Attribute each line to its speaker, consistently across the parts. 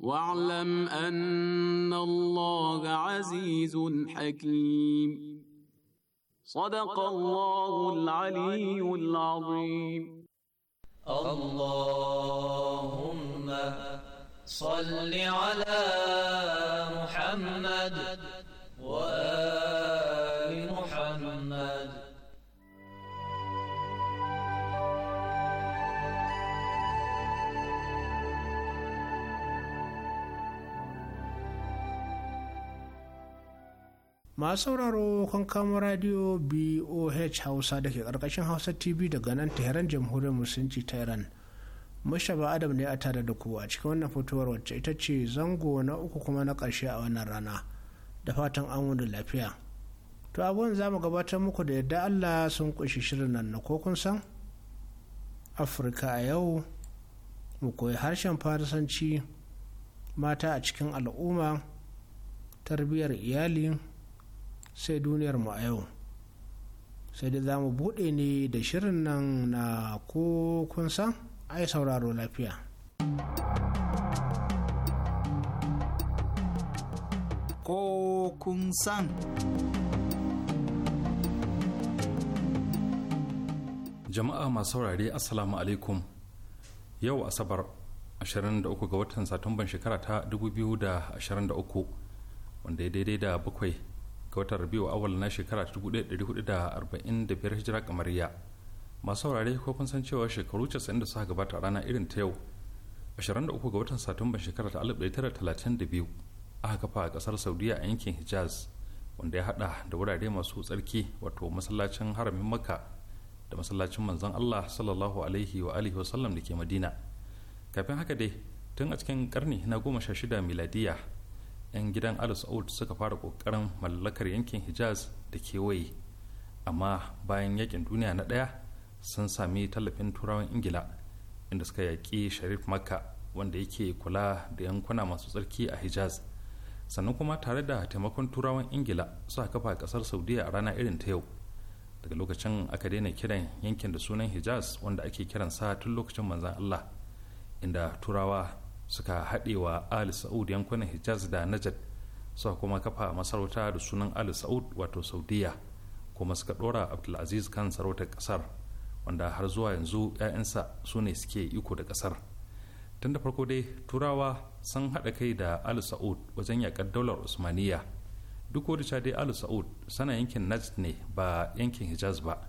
Speaker 1: واعلم ان الله عزيز حكيم صدق الله العلي العظيم اللهم صل على محمد
Speaker 2: وآل
Speaker 3: masu sauraro kan kama radio boh hausa da ke karkashin hausa tv daga nan tehran jamhuriyar musulunci ta iran mashaba adam ne a tare da ku a cikin wannan fitowar wacce ita ce zango na uku kuma na karshe a wannan rana da fatan an wani lafiya to abuwan za mu gabatar muku da yadda allah sun kunshi shirin nan na kokun san afirka a yau mu koyi harshen farisanci mata a cikin al'umma tarbiyyar iyali sai duniyar mu a yau sai dai za mu buɗe ne da shirin nan na ko kun san ai sauraro lafiya ko kun san
Speaker 4: jama'a masu saurare assalamu alaikum yau asabar 23 ga watan satumban shekara ta 2023 wanda ya daidai da bakwai ga watan rabiu awal na shekara 1445 hijira kamariya masu saurare ko kun san cewa shekaru 90 da suka gabata a rana irin ta yau 23 ga watan satumban shekara ta 1932 aka kafa a kasar saudiya a yankin hijaz wanda ya hada da wurare masu tsarki wato masallacin haramin makka da masallacin manzon allah sallallahu alaihi wa alihi wasallam da ke madina kafin haka dai tun a cikin karni na goma sha shida miladiya 'yan gidan al saud suka fara kokarin mallakar yankin hijaz da kewaye amma bayan yakin duniya na ɗaya sun sami tallafin turawan ingila inda suka yaƙi sharif makka wanda yake kula da yankuna masu tsarki a hijaz sannan kuma tare da taimakon turawan ingila suka kafa ƙasar saudiya a rana irin ta yau daga lokacin aka daina kiran yankin da sunan hijaz wanda ake kiransa tun lokacin manzan allah inda turawa suka haɗe wa ali sa'ud yankunan hijaz da najad suka kuma kafa masarauta da sunan ali sa'ud wato saudiya kuma suka ɗora abdulaziz kan sarautar ƙasar wanda har zuwa yanzu 'ya'yansa su ne suke iko da ƙasar tun da farko dai turawa sun haɗa kai da ali sa'ud wajen yaƙar daular usmaniya duk wadda dai ali sa'ud sana yankin najd ne ba yankin hijaz ba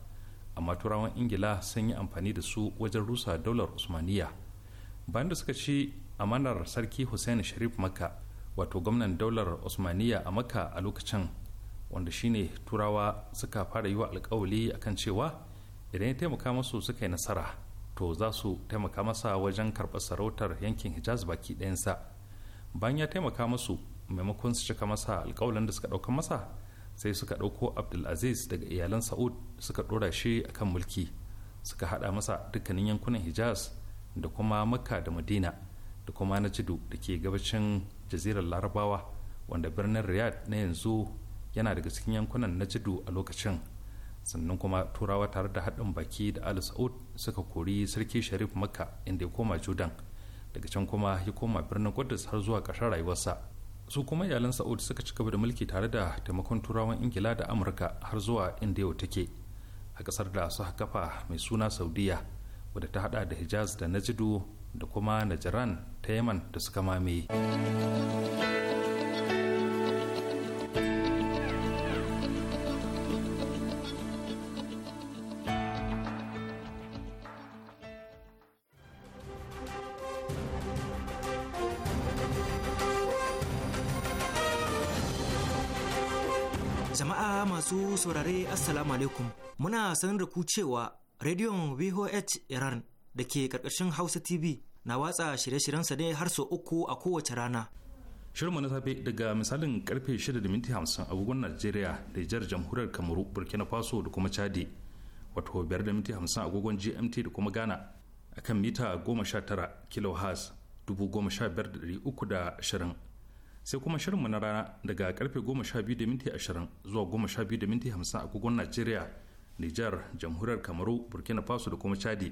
Speaker 4: amma turawan ingila sun yi amfani da su wajen rusa daular usmaniya bayan da suka ci amanar sarki hussein sharif makka wato gwamnan daular osmaniya a makka a lokacin wanda shine turawa suka fara yi wa alkawali akan cewa idan ya taimaka masu suka yi nasara to za su taimaka masa wajen karɓar sarautar yankin hijaz baki ɗayansa bayan ya taimaka masu maimakon su cika masa alkawalin da suka ɗauka masa sai suka ɗauko abdulaziz daga iyalan sa'ud suka ɗora shi akan mulki suka haɗa masa dukkanin yankunan hijaz da kuma makka da madina da kuma na tudu da ke gabashin jazirar larabawa wanda birnin riyad na yanzu yana daga cikin yankunan na tudu a lokacin sannan kuma turawa tare da haɗin baki da al saud suka kori sarki sharif makka inda ya koma judan daga can kuma ya koma birnin kudus har zuwa ƙarshen rayuwarsa su kuma iyalan saud suka ci gaba da mulki tare da taimakon turawan ingila da amurka har zuwa inda yau take a ƙasar da suka kafa mai suna saudiya wadda ta hada da hijaz da najidu da kuma najiran ta yaman da suka mamaye Jama'a masu saurare Assalamu alaikum muna sanar da ku cewa Rediyon VOH Iran da ke karkashin Hausa TV na watsa shirye-shiryensa ne har sau uku a kowace rana. Shirma na safe daga misalin karfe 6:50 agogon Najeriya da jihar jamhuriyar Kamaru, Burkina Faso da kuma Chadi, wato 5:50 agogon GMT da kuma Ghana akan mita 19 kHz 15320. Sai kuma shirinmu na rana daga karfe 12:20 zuwa 12:50 agogon Najeriya, Nijar, jamhuriyar Kamaru, Burkina Faso da kuma Chadi.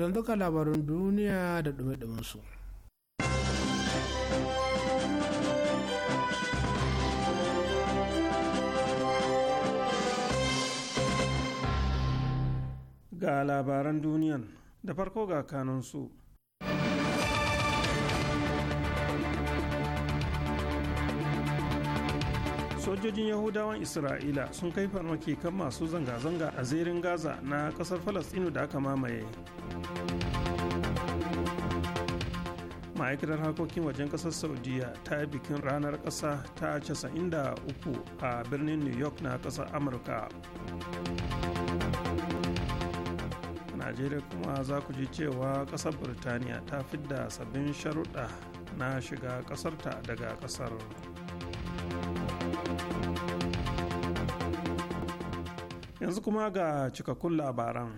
Speaker 3: to yanzu ga labarin duniya da dume su.
Speaker 5: ga labaran duniyan da farko ga kanunsu sojojin yahudawan isra'ila sun kai farmaki kan masu zanga-zanga a zirin gaza na kasar falastinu da aka mamaye ma'aikatar harkokin wajen kasar saudiya ta yi bikin ranar kasa ta 93 a birnin new york na kasar amurka najeriya kuma za ku ji cewa kasar birtaniya ta fidda sabbin sharuɗa na shiga kasarta daga kasar. yanzu kuma ga cikakkun labaran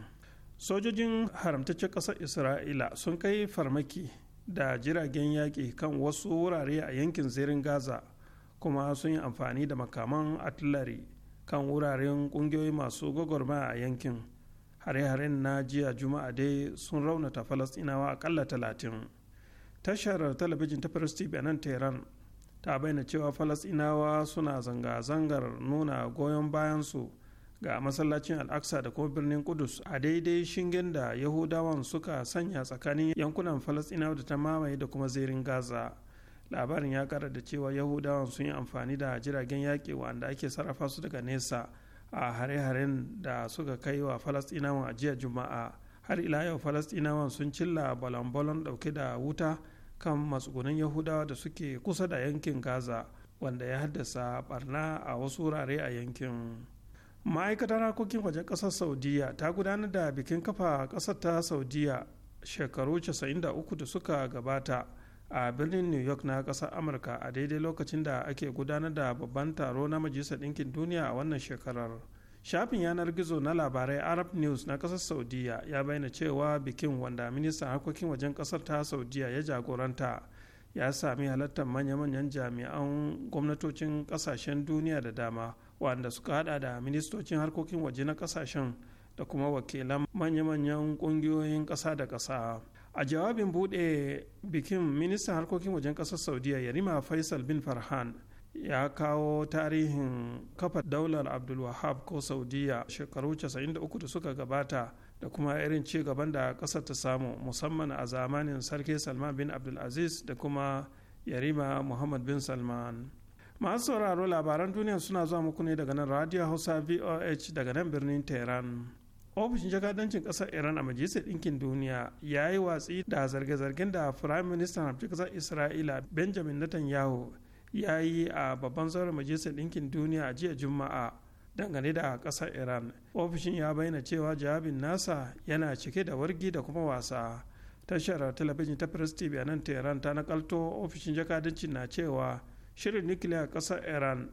Speaker 5: sojojin haramtaccen ƙasar isra'ila sun kai farmaki da jiragen yaƙi kan wasu wurare a yankin zirin gaza kuma sun yi amfani da makaman artillery kan wuraren ƙungiyoyi masu gwagwarmaya a yankin hare-haren na jiya juma'a dai sun raunata falasɗinawa akalla talatin tashar talabijin ta first tv a nan tehran ta bayyana cewa falasinawa suna zanga-zangar nuna goyon bayansu ga masallacin al'aqsa da kuma birnin kudus a daidai shingen da yahudawan suka sanya tsakanin yankunan falasinawa da ta mamaye da kuma zirin gaza labarin ya kara da cewa yahudawan sun yi amfani da jiragen yaƙi wanda ake sarrafa su daga nesa a hare-haren da suka kai wa falasinawa a jiya juma'a har ila yau falastinawan sun cilla balon-balon dauke da wuta kan matsugunan yahudawa da suke kusa da yankin gaza wanda ya haddasa barna a wasu wurare a yankin ma'aikatar harkokin wajen ƙasar saudiya ta gudanar da bikin kafa ƙasar ta saudiya shekaru 93 da suka gabata a birnin new york na ƙasar amurka a daidai lokacin da ake gudanar da babban taro na majalisar ɗinkin duniya a wannan shekarar shafin yanar gizo na labarai arab news na kasar saudiya ya bayyana cewa bikin wanda ministan harkokin wajen kasar ta saudiya ya jagoranta ya sami halartar manya-manyan jami'an gwamnatocin kasashen duniya da dama wanda suka hada da ministocin harkokin waje na kasashen da kuma wakilan manya-manyan kungiyoyin kasa da kasa a jawabin bude bikin ministan harkokin wajen kasar saudiya yarima faisal bin farhan ya kawo tarihin kafa daular abdulwahab ko saudiya shekaru 93 da suka gabata da kuma irin ci gaban da kasar ta samu musamman a zamanin sarki salman bin abdulaziz da kuma yarima muhammad bin salman masu sauraro labaran duniya suna zuwa muku ne daga nan radio hausa voh daga nan birnin tehran ofishin jakadancin ƙasar iran a majalisar ɗinkin duniya ya yi watsi da zarge-zargen da firayim ministan ƙasar isra'ila benjamin netanyahu ya yi a babban zauren majalisar ɗinkin duniya a jiya juma'a dangane da ƙasar iran ofishin ya bayyana cewa jawabin nasa yana cike da wargi da kuma wasa tashar talabijin ta press tv a nan tehran ta nakalto ofishin jakadancin na cewa shirin nukiliya ƙasar iran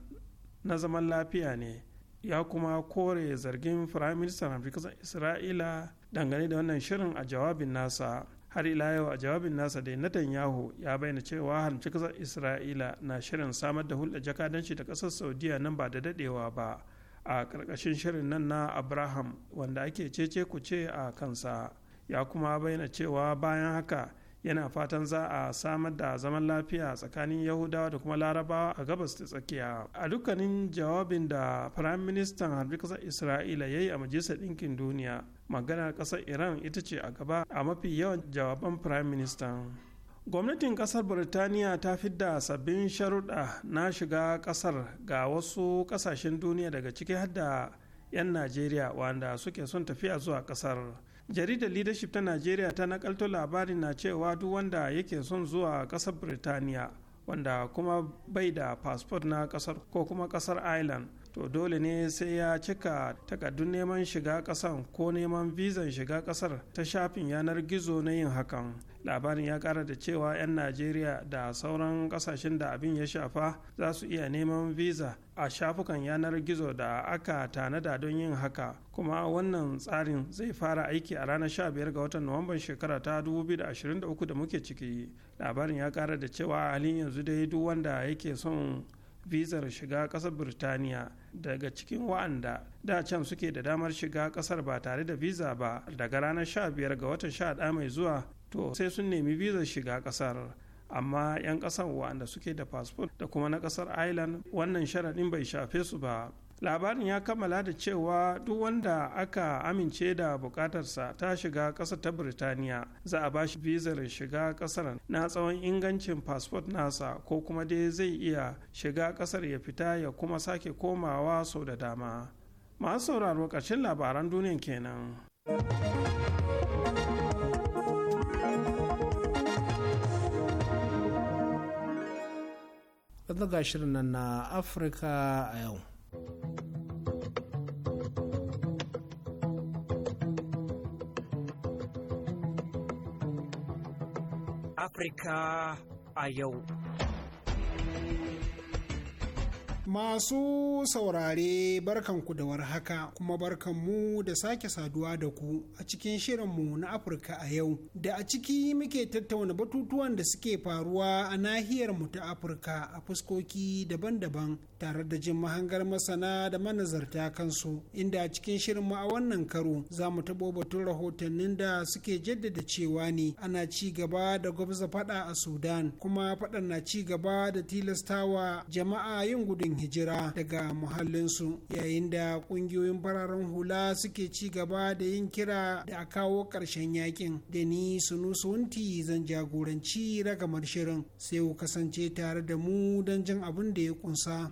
Speaker 5: na zaman lafiya ne ya kuma kore zargin firayim ministan afirka isra'ila dangane da wannan shirin a jawabin nasa har ila yau a jawabin nasa da netanyahu ya bayyana cewa haramci kasar isra'ila na shirin samar da hulɗa jakadanci da ƙasar saudiya nan ba da daɗewa ba a ƙarƙashin shirin nan na abraham wanda ake cece kuce a kansa ya kuma bayyana cewa bayan haka yana fatan za a samar da zaman lafiya tsakanin yahudawa da kuma larabawa a gabas ta tsakiya a dukkanin jawabin da firayim ministan harbi kasar isra'ila ya yi a majalisar ɗinkin duniya maganar ƙasar iran ita ce a gaba a mafi yawan jawaban firayim ministan gwamnatin kasar birtaniya ta fi da sabbin sharuɗa na shiga kasar ga wasu ƙasashen duniya daga ciki har da 'yan najeriya wanda suke son tafiya zuwa kasar jaridar leadership ta najeriya ta nakalto labarin na cewa duk wanda yake son zuwa kasar birtaniya wanda kuma bai da fasfot na kasar ko kuma kasar ireland to dole ne sai ya cika takardun neman shiga kasar ko neman vizan shiga kasar ta shafin yanar gizo na yin hakan labarin ya kara da cewa 'yan najeriya da sauran kasashen da abin ya shafa za su iya neman visa a shafukan yanar gizo da aka tanada don yin haka kuma wannan tsarin zai fara aiki a ranar 15 ga watan nuwamban shekara ta 2023 da muke ciki labarin ya kara da cewa a halin yanzu dai duk wanda yake son vizar shiga kasar birtaniya daga cikin wa'anda da can suke da damar shiga kasar ba tare da visa ba daga ranar 15 ga watan 11 mai zuwa to sai sun nemi bizar shiga kasar amma 'yan ƙasar wanda suke da fasfo da kuma na kasar ireland wannan sharaɗin bai shafe su ba labarin ya kammala da cewa duk wanda aka amince da bukatarsa ta shiga ƙasa ta birtaniya za a ba shi bizar shiga ƙasar na tsawon ingancin fasfot nasa ko kuma dai zai iya shiga ƙasar ya fita ya kuma sake komawa sau da dama masu sauraro ƙarshen labaran duniya kenan.
Speaker 3: yanzu ga shirin nan na afirka a yau afirka a yau
Speaker 6: Masu saurare barkanku da warhaka kuma barkanmu da sake saduwa da ku a cikin shirinmu na Afirka a yau da a ciki muke tattauna batutuwan da suke faruwa a nahiyar mu ta Afirka a fuskoki daban-daban tare da jin mahangar masana da manazarta kansu inda a cikin mu a wannan karo za mu taɓo batun rahotannin da suke jaddada cewa ne ana ci gaba da gwabza faɗa a sudan kuma faɗan na ci gaba da tilastawa jama'a yin gudun hijira daga muhallinsu yayin da ƙungiyoyin fararen hula suke ci gaba da yin kira da a kawo ƙarshen yakin da ni sunti zan jagoranci ragamar shirin sai ku kasance tare da mu don jin abin da ya ƙunsa.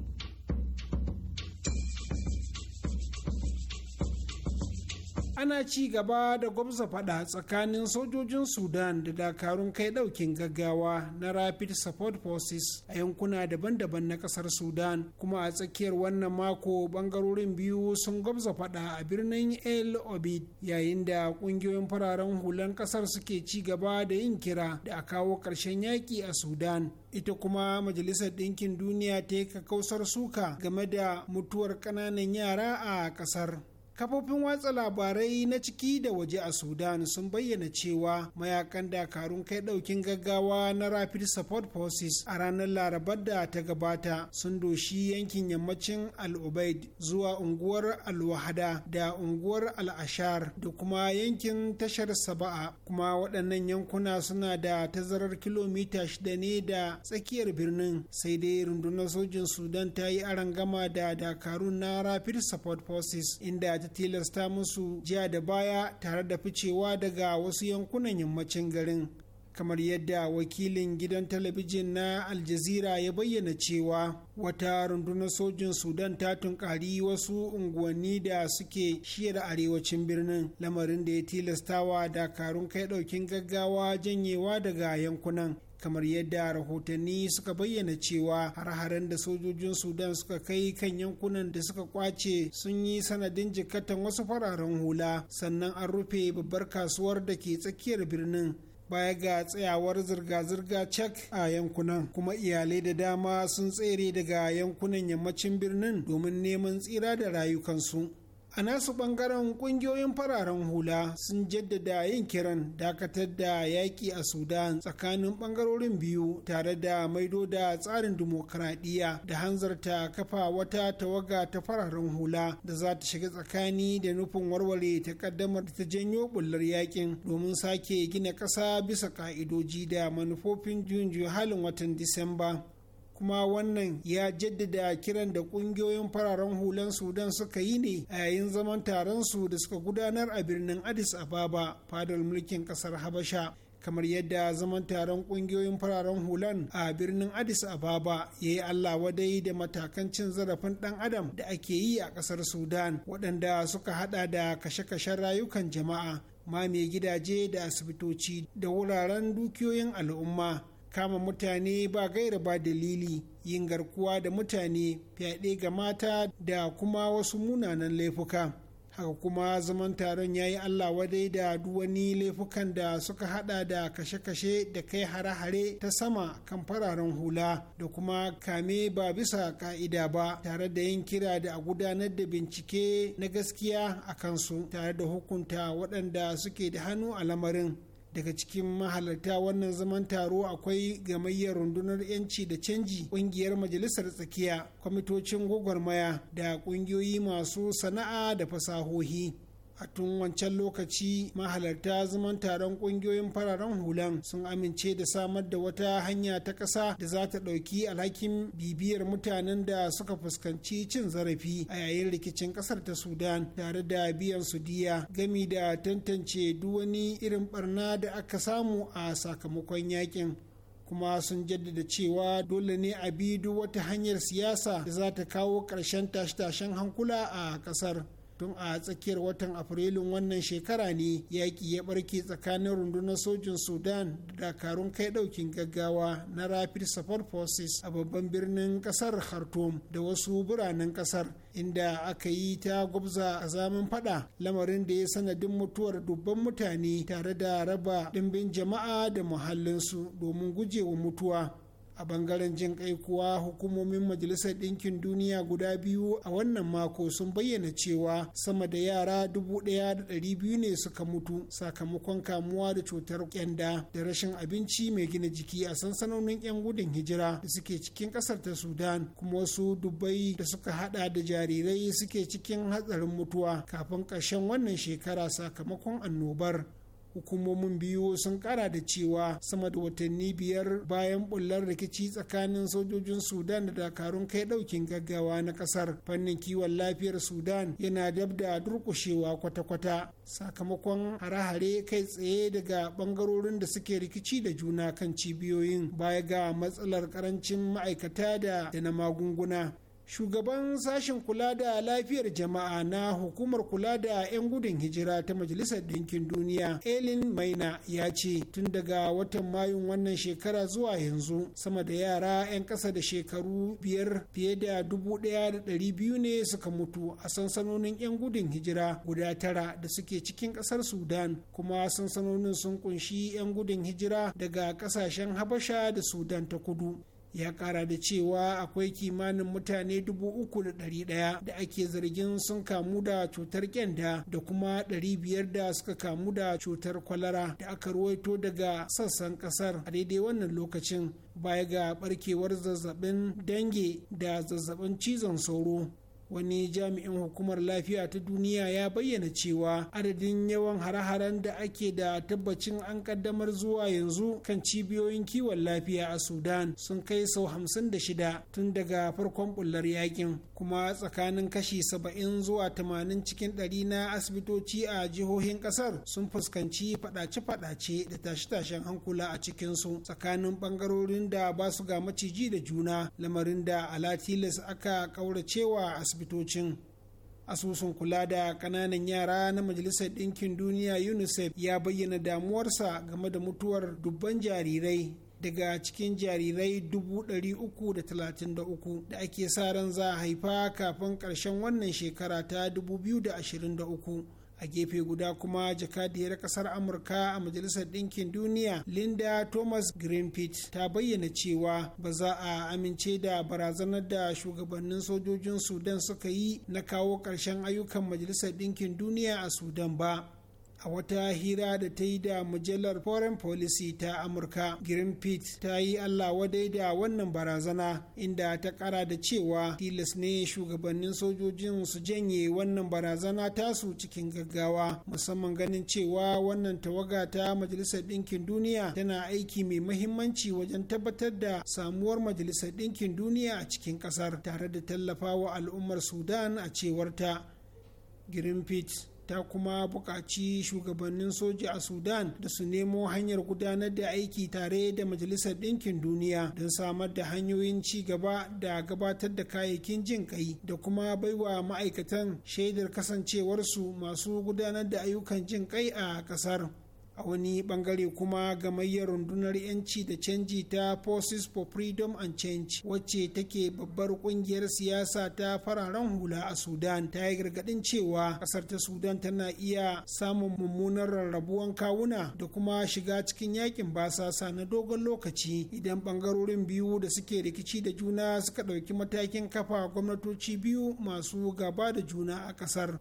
Speaker 6: ana ci gaba da gwamza fada tsakanin sojojin sudan da dakarun kai daukin gaggawa na rapid support forces a yankuna daban-daban na kasar sudan kuma a tsakiyar wannan mako bangarorin biyu sun gwamza fada a birnin el obid yayin da kungiyoyin fararen hulan kasar suke ci gaba da yin kira da a kawo karshen yaki a sudan ita kuma majalisar ɗinkin duniya ta yi kakausar suka game da mutuwar ƙananan yara a kasar. kafofin watsa labarai na ciki da waje a sudan sun bayyana cewa mayakan dakarun kai daukin gaggawa na rapid support forces a ranar larabar da ta gabata sun doshi yankin yammacin al-ubaid zuwa unguwar al-wahada da unguwar al-ashar da kuma yankin tashar saba'a kuma waɗannan yankuna suna da tazarar kilomita shida ne da tsakiyar birnin sai dai rundunar sojin sudan ta yi arangama da dakarun na rapid support forces inda ta tilasta musu jiya da baya tare da ficewa daga wasu yankunan yammacin garin kamar yadda wakilin gidan talabijin na aljazira ya bayyana cewa wata rundunar sojin sudan ta tunkari wasu unguwanni da suke shiyar arewacin birnin lamarin da ya tilastawa dakarun kai daukin gaggawa janyewa daga yankunan kamar yadda rahotanni suka bayyana cewa har-haren da sojojin sudan suka kai kan yankunan da suka kwace sun yi sanadin jikatan wasu fararen hula sannan an rufe babbar kasuwar da ke tsakiyar birnin baya ga tsayawar zirga-zirga cek a yankunan kuma iyalai da dama sun tsere daga yankunan yammacin birnin domin neman tsira da rayukansu a nasu ɓangaren ƙungiyoyin fararen hula sun jaddada yin kiran dakatar da yaƙi a sudan tsakanin ɓangarorin biyu tare da maido da tsarin dimokuraɗiyya da hanzarta kafa wata tawaga ta fararen hula da za ta shiga tsakani da nufin warware takaddamar da ta janyo bullar yaƙin domin sake gina ƙasa bisa ƙa'idoji da manufofin juyin halin watan disamba kuma wannan ya jaddada kiran da kungiyoyin fararen hulan sudan suka yi ne a yayin zaman taron su da suka gudanar a birnin addis ababa fadar mulkin kasar habasha kamar yadda zaman taron kungiyoyin fararen hulan a birnin addis ababa ya yi allah wadai da matakan cin zarafin dan adam da ake yi a kasar sudan waɗanda suka hada da kashe-kashen rayukan jama'a mame gidaje da asibitoci da wuraren dukiyoyin al'umma kama mutane ba gaira ba dalili yin garkuwa da mutane fyaɗe ga mata da kuma wasu munanan laifuka haka kuma zaman taron ya yi allah wadai da duwani laifukan da suka hada da kashe-kashe da kai hare-hare ta sama kan fararen hula da kuma kame ba bisa ka'ida ba tare da yin kira da a gudanar da bincike na gaskiya a kansu tare da hukunta waɗanda suke da hannu a lamarin daga cikin mahalarta wannan zaman taro akwai gamayyar rundunar yanci da canji kungiyar majalisar tsakiya kwamitocin gwagwarmaya da kungiyoyi masu sana'a da fasahohi a tun wancan lokaci mahalarta zaman taron kungiyoyin fararen hulan sun amince da samar da wata hanya ta ƙasa da za ta ɗauki alhakin bibiyar mutanen da suka fuskanci cin zarafi a yayin rikicin ƙasar ta sudan tare da biyan su diya gami da tantance duk wani irin barna da aka samu a sakamakon yakin kuma sun jaddada cewa dole ne a bi duk wata hanyar siyasa da za ta kawo ƙarshen tashe-tashen hankula a ƙasar. tun a tsakiyar watan afrilun wannan shekara ne yaƙi ya barke tsakanin rundunar sojin sudan da dakarun kai ɗaukin gaggawa na rapid support forces a babban birnin ƙasar khartoum da wasu biranen ƙasar inda aka yi ta gwabza a zaman fada lamarin da ya sanadin mutuwar dubban mutane tare da raba ɗimbin jama'a da muhallinsu domin gujewa mutuwa a bangaren jin kai kuwa hukumomin majalisar ɗinkin duniya guda biyu a wannan mako sun bayyana cewa sama da yara dubu ɗaya da ɗari biyu ne suka mutu sakamakon kamuwa da cutar kyanda da rashin abinci mai gina jiki a sansanonin 'yan gudun hijira da suke cikin ƙasar ta sudan kuma wasu dubbai da suka hada da jarirai suke cikin hatsarin mutuwa kafin ƙarshen wannan shekara sakamakon annobar hukumomin biyu sun kara da cewa sama da watanni biyar bayan bullar rikici tsakanin sojojin sudan da dakarun kai daukin gaggawa na kasar fannin kiwon lafiyar sudan yana dab da durkushewa kwata-kwata sakamakon hare-hare kai tsaye daga bangarorin da suke rikici da juna kan cibiyoyin baya ga matsalar karancin ma'aikata da na magunguna shugaban sashen kula da lafiyar jama'a na hukumar kula da 'yan gudun hijira ta majalisar ɗinkin duniya elin maina ya ce tun daga watan mayun wannan shekara zuwa yanzu sama da yara 'yan ƙasa da shekaru biyar fiye da dubu ɗaya da ɗari biyu ne suka mutu a sansanonin 'yan gudun hijira guda tara da suke cikin ƙasar sudan kuma sansanonin sun kunshi 'yan gudun hijira daga ƙasashen habasha da sudan ta kudu ya kara da cewa akwai kimanin mutane dubu uku da ɗari ɗaya da ake zargin sun kamu da cutar kyanda da kuma ɗari biyar da suka kamu da cutar kwalara da aka ruwaito daga sassan ƙasar a daidai wannan lokacin baya ga barkewar zazzabin dange da zazzabin cizon sauro wani jami'in hukumar lafiya ta duniya ya bayyana cewa adadin yawan hare-haren da ake da tabbacin an kaddamar zuwa yanzu kan cibiyoyin kiwon lafiya a sudan sun kai sau hamsin da shida tun daga farkon bullar yakin kuma tsakanin kashi saba'in zuwa tamanin cikin 100 na asibitoci a jihohin kasar sun fuskanci fadace-fadace da tashe-tashen hankula a cikinsu tsakanin bangarorin da ba su ga maciji da juna lamarin da alatilis aka kauracewa asibiti asibitocin asusun kula da kananan yara na majalisar ɗinkin duniya unicef ya bayyana damuwarsa game da mutuwar dubban jarirai daga cikin jarirai 333 da ake sa ran za a haifa kafin ƙarshen wannan shekara ta 2023 a gefe guda kuma jakadiyar kasar amurka a majalisar ɗinkin duniya linda thomas greenpeace ta bayyana cewa ba za a amince da barazanar da shugabannin sojojin sudan suka yi na kawo ƙarshen ayyukan majalisar ɗinkin duniya a sudan ba a wata hira da ta yi da mujallar foreign policy ta amurka greenpeace ta yi allah wadai da wannan barazana inda ta kara da cewa tilas ne shugabannin sojojin su janye wannan barazana tasu cikin gaggawa musamman ganin cewa wannan tawaga ta majalisar ɗinkin duniya tana aiki mai mahimmanci wajen tabbatar da samuwar majalisar ɗinkin duniya a cikin ƙasar tare da tallafawa al'ummar sudan a cewarta greenpeace ta kuma buƙaci shugabannin soja a sudan da su nemo hanyar gudanar da aiki tare da majalisar ɗinkin duniya don samar da hanyoyin ci gaba da gabatar da kayayyakin jin kai da kuma baiwa ma'aikatan shaidar kasancewarsu masu gudanar da ayyukan jin kai a ƙasar a wani bangare kuma gamayyar rundunar yanci da canji ta forces for freedom and change wacce take babbar kungiyar siyasa ta fararen hula a sudan ta yi gargadin cewa kasar ta sudan tana iya samun mummunar rarrabuwan kawuna da kuma shiga cikin yakin basasa na dogon lokaci idan bangarorin biyu da suke rikici da juna suka ɗauki matakin kafa gwamnatoci biyu masu gaba da juna a kasar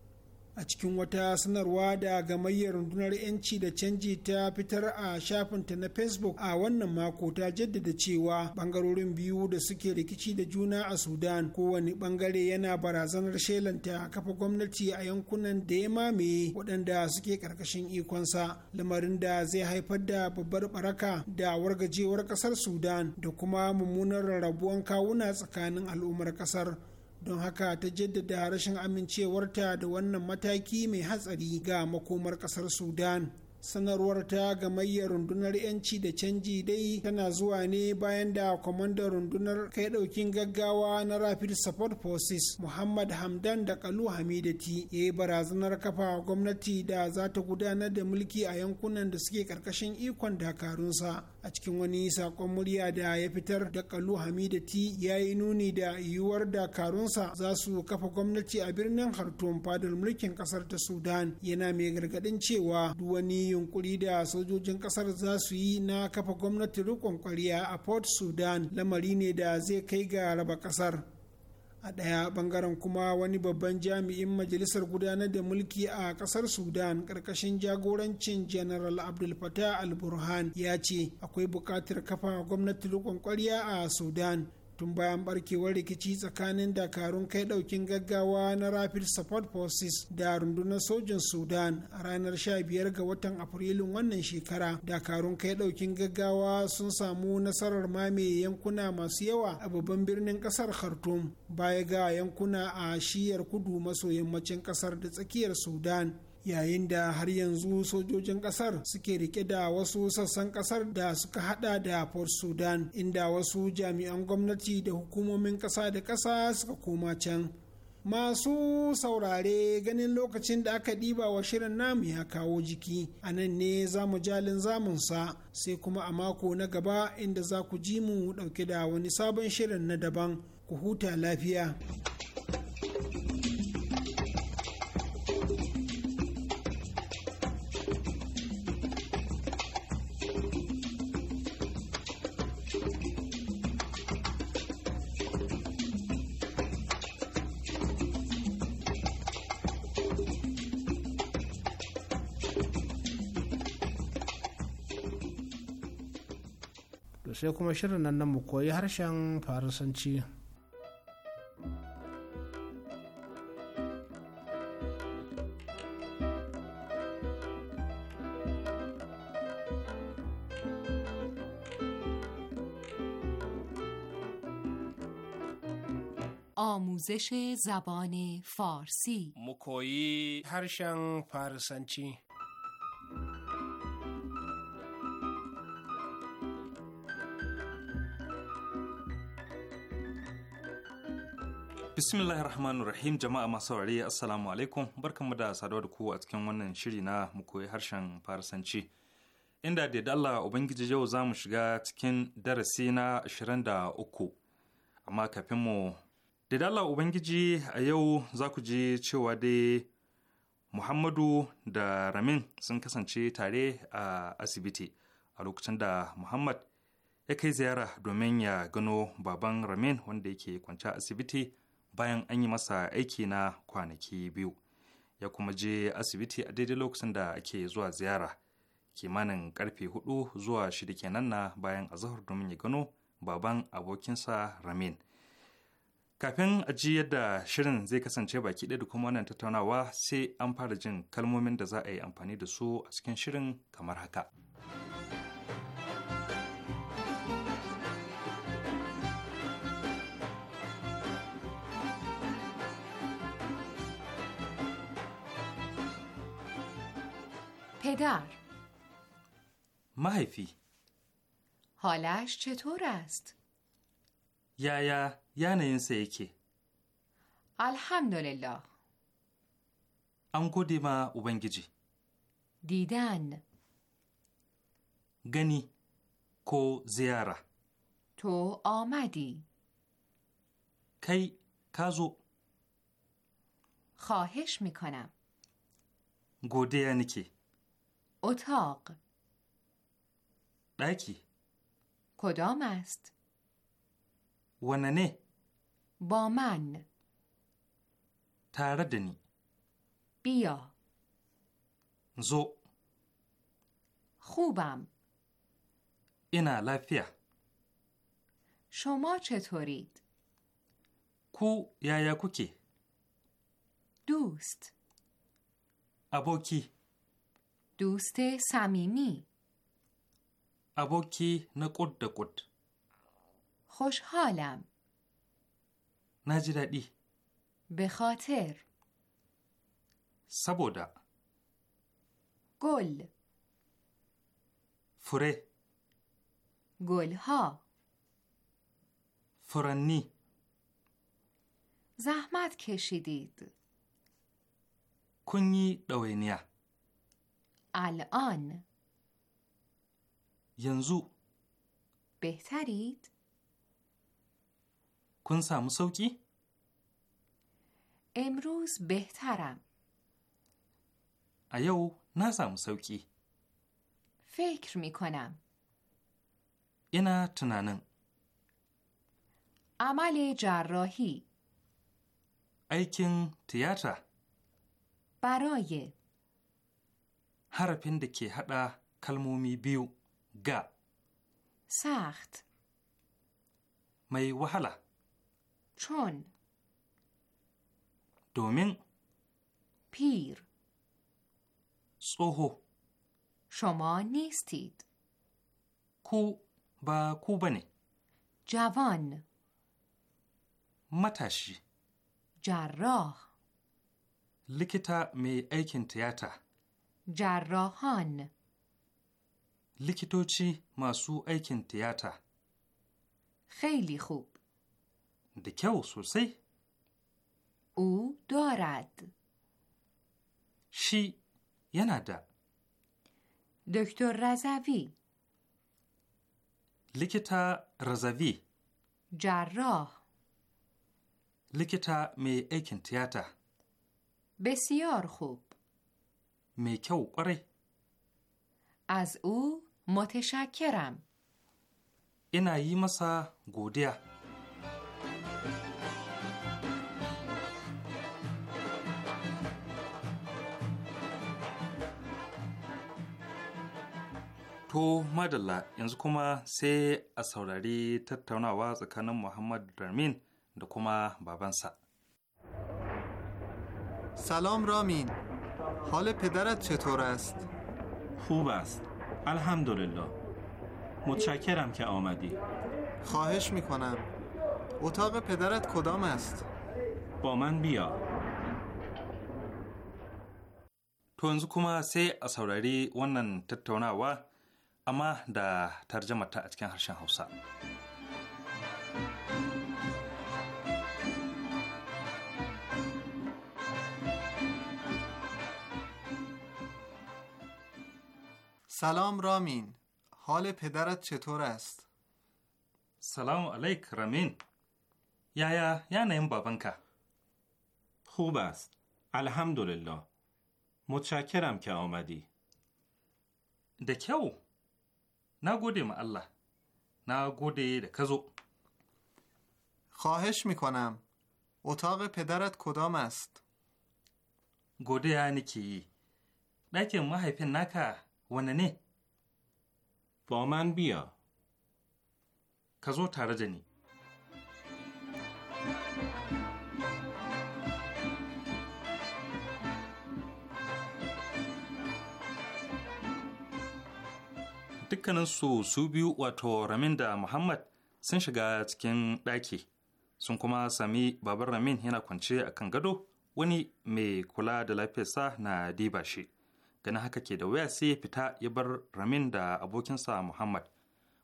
Speaker 6: a cikin wata sanarwa da gamayyar rundunar 'yanci da canji ta fitar a shafinta na facebook a wannan mako ta jaddada cewa bangarorin biyu da suke rikici da juna a sudan kowane bangare yana barazanar shelanta kafa gwamnati a yankunan da ya mamaye waɗanda suke ƙarƙashin ikonsa lamarin da zai haifar da babbar baraka da wargajewar ƙasar sudan da kuma mummunar rabuwan kawuna tsakanin al'ummar ƙasar don haka ta jaddada rashin amincewarta da wannan mataki mai hatsari ga makomar kasar sudan sanarwar ta gamayyar rundunar yanci da canji dai tana zuwa ne bayan da kwamandan rundunar kai daukin gaggawa na rapid support forces muhammad hamdan da kalu hamidati ya yi barazanar kafa gwamnati da za ta gudanar da mulki a yankunan da suke karkashin ikon dakarunsa a cikin wani sakon murya da ya fitar da kalu hamidati ya yi nuni da yiwuwar dakarunsa za su kafa gwamnati a birnin hartum fadar mulkin kasar ta sudan yana mai gargadin cewa duk wani yunkuri da sojojin kasar za su yi na kafa gwamnati rukun kwariya a port sudan lamari ne da zai kai ga raba kasar a ɗaya bangaren kuma wani babban jami'in majalisar gudanar da mulki a ƙasar sudan ƙarƙashin jagorancin general abdul fatah al-burhan ya ce akwai buƙatar kafa gwamnati rukun kwarya a sudan tun bayan barkewar rikici tsakanin dakarun kai daukin gaggawa na rapid support forces da rundunar sojin sudan a ranar 15 ga watan afrilun wannan shekara dakarun kai daukin gaggawa sun samu nasarar mamaye yankuna masu yawa a babban birnin kasar khartum baya ga yankuna a shiyar kudu maso yammacin kasar da tsakiyar sudan yayin da har yanzu sojojin kasar suke rike da wasu sassan kasar da suka hada da port sudan inda wasu jami'an gwamnati da hukumomin kasa da kasa suka koma can masu saurare ganin lokacin da aka ɗiba wa shirin namu ya kawo jiki a nan ne za mu jalin zamunsa sai kuma a mako na gaba inda za ku ji mu ɗauke da wani sabon shirin na daban ku huta lafiya.
Speaker 3: sai kuma shirin nan mu koyi harshen farisanci
Speaker 7: آموزش زبان فارسی
Speaker 3: مکویی هرشن فارسانچی
Speaker 4: Bismillahir Rahmanir Rahim jama'a masu wari Assalamu alaikum barkanmu da saduwa da ku a cikin wannan shiri na mukoyi harshen Farsanci. Inda da Allah Ubangiji yau za mu shiga cikin darasi na 23. Amma kafin mu da Allah Ubangiji a yau za ku ji cewa dai Muhammadu da Ramin sun kasance tare a asibiti a lokacin da Muhammad ya kai ziyara domin ya gano baban Ramin wanda yake kwance asibiti bayan an yi masa aiki na kwanaki biyu ya kuma je asibiti a daidai lokacin da ake zuwa ziyara kimanin karfe hudu zuwa shida kenan na bayan a azahar domin ya gano baban abokinsa ramin kafin a ji yadda shirin zai kasance baki ɗaya da kuma wannan tattaunawa sai an fara jin kalmomin da za a yi amfani da su a cikin shirin kamar haka. پدر مهفی
Speaker 7: حالش چطور است؟
Speaker 4: یا یا یا نینسه ایکی
Speaker 7: الحمدلله
Speaker 4: انکو دیما اوبنگیجی
Speaker 7: دیدن
Speaker 4: گنی کو زیاره
Speaker 7: تو آمدی کی کازو خواهش میکنم
Speaker 4: گودیانی که
Speaker 7: اتاق بکی کدام است؟ وننه با من
Speaker 4: تردنی بیا زو
Speaker 7: خوبم اینا لفیا، شما چطورید؟
Speaker 4: کو یا یا کوکی
Speaker 7: دوست ابوکی دوست صمیمی
Speaker 4: ابوکی نقد دقد
Speaker 7: خوشحالم
Speaker 4: نجردی
Speaker 7: به خاطر
Speaker 4: سبودا گل فره
Speaker 7: گلها
Speaker 4: فرنی
Speaker 7: زحمت کشیدید
Speaker 4: کنی دوینیه
Speaker 7: الان ینزو بهترید؟
Speaker 4: کن سامو سوکی؟
Speaker 7: امروز بهترم
Speaker 4: ایو سامو سوکی
Speaker 7: فکر می کنم
Speaker 4: اینا تنانن
Speaker 7: عمل جراحی
Speaker 4: ایکن تیاتر
Speaker 7: برای
Speaker 4: harafin da ke haɗa kalmomi biyu ga
Speaker 7: سخت
Speaker 4: mai wahala چون domin
Speaker 7: pir tsoho شما نیستید کو با کو بنه Javan. Matashi.
Speaker 4: جراح likita mai aikin tiyata.
Speaker 7: جراحان
Speaker 4: لیکیتوچی ماسو ایکن تیاتا خیلی خوب دکو سوسی
Speaker 7: او دارد
Speaker 4: شی نده؟
Speaker 7: دکتر رزوی
Speaker 4: لیکتا رزوی
Speaker 7: جراح
Speaker 4: لیکتا می ایکن تیاتا
Speaker 7: بسیار خوب mai kyau از او متشکرم اینا یی مسا
Speaker 4: گودیا To Madala yanzu kuma sai a saurari tattaunawa tsakanin Muhammad Ramin da kuma babansa. Salam Ramin. حال پدرت
Speaker 8: چطور است؟ خوب است، الحمدلله متشکرم که آمدی خواهش میکنم اتاق پدرت کدام است؟
Speaker 4: با من بیا تونزو کما سه اسورری ونن تتونا و اما در ترجمه تا اچکن هرشنخوستان
Speaker 8: سلام رامین حال پدرت چطور
Speaker 4: است؟ سلام علیک رامین یا یا یا نیم بابنکا خوب است الحمدلله متشکرم که آمدی دکه او، نگوده الله نگودی ده کزو خواهش میکنم
Speaker 8: اتاق پدرت کدام است؟ گودی یعنی کی؟
Speaker 4: لیکن ما نکه wane ne? با ka zo tare da ni. Dukkaninsu su biyu wato Ramin da Muhammad sun shiga cikin ɗaki, sun kuma sami babar Ramin yana kwance a kan gado wani mai kula da lafiyarsa na diba shi. ganin haka ke da waya sai ya fita ya bar ramin da abokinsa muhammad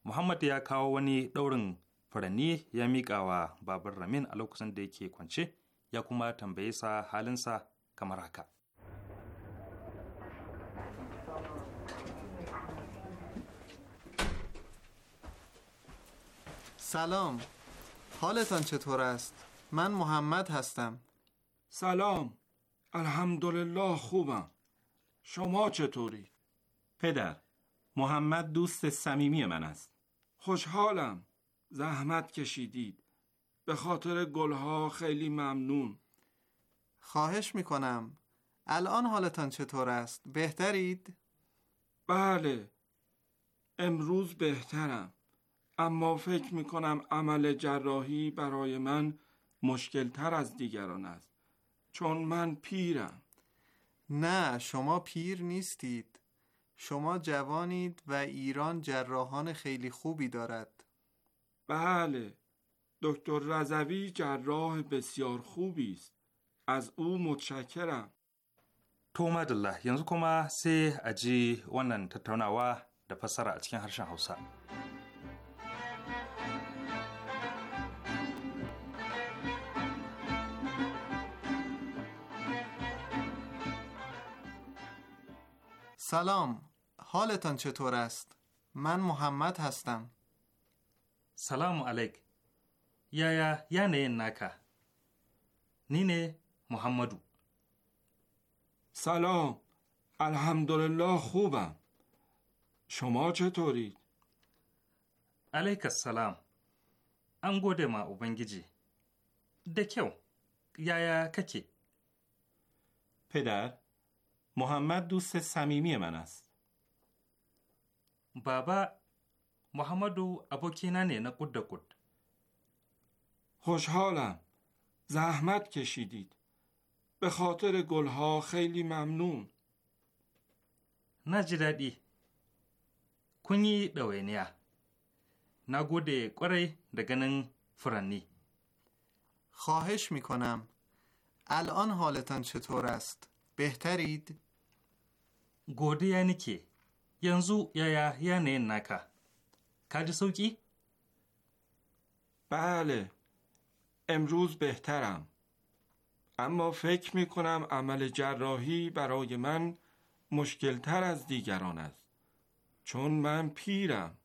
Speaker 4: muhammad ya kawo wani ɗaurin furanni ya miƙa wa babar ramin a lokacin da yake kwance ya kuma tambaye sa halinsa kamar haka
Speaker 8: سلام حالتان چطور است؟ من محمد
Speaker 9: هستم سلام الحمدلله خوبم شما چطوری؟ پدر محمد دوست صمیمی من است خوشحالم زحمت کشیدید به خاطر گلها خیلی ممنون خواهش میکنم الان حالتان چطور است؟ بهترید؟ بله امروز بهترم اما فکر میکنم عمل جراحی برای من مشکلتر از دیگران است چون من پیرم نه شما پیر
Speaker 8: نیستید شما جوانید و ایران جراحان خیلی خوبی
Speaker 9: دارد بله دکتر رضوی جراح بسیار خوبی است از او متشکرم تو الله ینزو
Speaker 4: کما سه اجی ونن wannan د پسر fassara هرشن
Speaker 8: سلام حالتان چطور است؟ من محمد هستم
Speaker 4: سلام علیک یایا یعنی نکه
Speaker 9: نینه محمدو سلام الحمدلله خوبم شما چطورید؟
Speaker 4: علیک السلام ان ما اوبنگیجی. دکیو.
Speaker 9: یایا یا یا پدر محمد دوست صمیمی من است. بابا محمدو ابو نه نه قد قد. خوشحالم. زحمت کشیدید. به خاطر گلها خیلی ممنون. نجردی. کنی دوینیا.
Speaker 4: نگوده قره دگنن فرنی. خواهش
Speaker 8: میکنم. الان حالتان چطور است؟ بهترید؟
Speaker 4: godiya nike yanzu yaya yanayin naka ka ji
Speaker 9: sauki بله امروز بهترم اما فکر می کنم عمل جراحی برای من مشکلتر از دیگران است چون من پیرم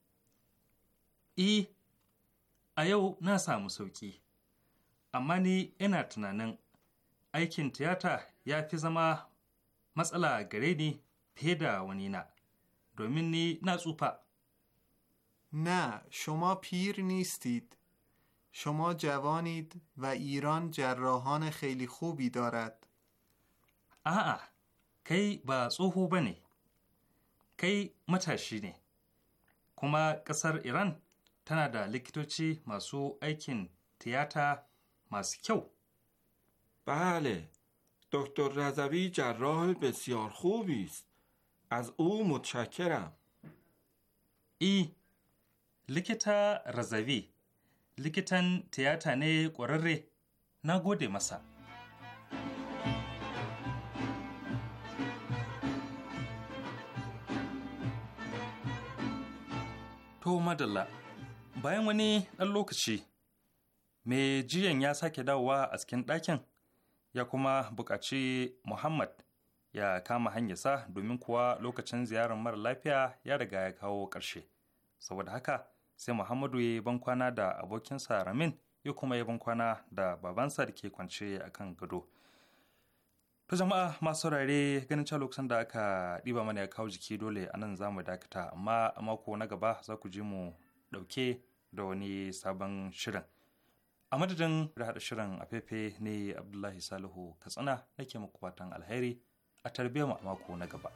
Speaker 9: ای ایو نه سامو سوکی اما نی اینا
Speaker 4: تنانن aikin tiyata ya fi zama matsala gare ni هدا و نینا دومین نی نزوپا نه
Speaker 8: شما پیر نیستید شما جوانید و ایران
Speaker 4: جراحان خیلی خوبی دارد آه کی با صوحو بنی کی متشی نه کما کسر ایران
Speaker 9: تنا دا likitoci ماسو aikin تیاتا بله دکتر رضوی جراح بسیار خوبی است. از او متشکرم ای
Speaker 4: لیکتا رزوی likitan tiyata ne ƙwararre na gode masa. To madalla, bayan wani ɗan lokaci, mai jiyan ya sake dawowa a cikin ɗakin ya kuma buƙaci Muhammad ya kama sa domin kuwa lokacin ziyarar mara lafiya ya riga ya kawo ƙarshe saboda haka sai muhammadu ya yi bankwana da abokinsa ramin ya kuma yi bankwana da babansa da ke kwance a kan gado Ta jama'a masu rare ganin cewa lokacin da aka ɗiba mana ya kawo jiki dole a nan za mu dakata amma a mako na gaba za ku ji mu ɗauke da wani sabon shirin a madadin da haɗa shirin a ne abdullahi salihu katsina nake muku fatan alheri a tarbe mu a mako na gaba.